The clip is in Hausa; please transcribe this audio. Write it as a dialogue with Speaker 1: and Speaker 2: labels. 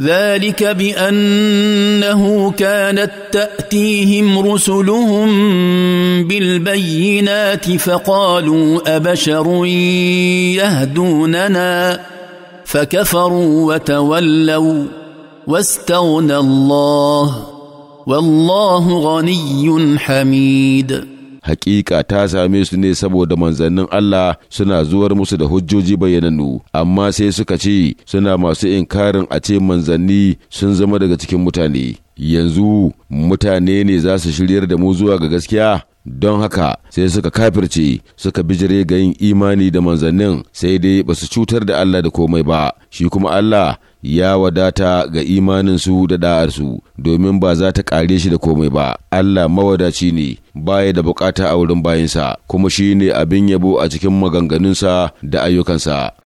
Speaker 1: ذلك بانه كانت تاتيهم رسلهم بالبينات فقالوا ابشر يهدوننا فكفروا وتولوا واستغنى الله والله غني حميد
Speaker 2: hakika ta same su ne saboda manzannin Allah suna zuwar musu da hujjoji bayyanannu amma sai suka ce suna masu inkarin a ce manzanni sun zama daga cikin mutane yanzu mutane ne za su shiryar da mu zuwa ga gaskiya don haka sai suka kafirce suka bijire ga yin imani da manzannin sai dai ba su cutar da Allah da komai ba shi kuma Allah ya wadata ga imaninsu da da'arsu domin ba za ta kare shi da komai ba Allah mawadaci ne baya da bukata a wurin bayinsa kuma shi ne abin yabo a cikin maganganunsa
Speaker 3: da ayyukansa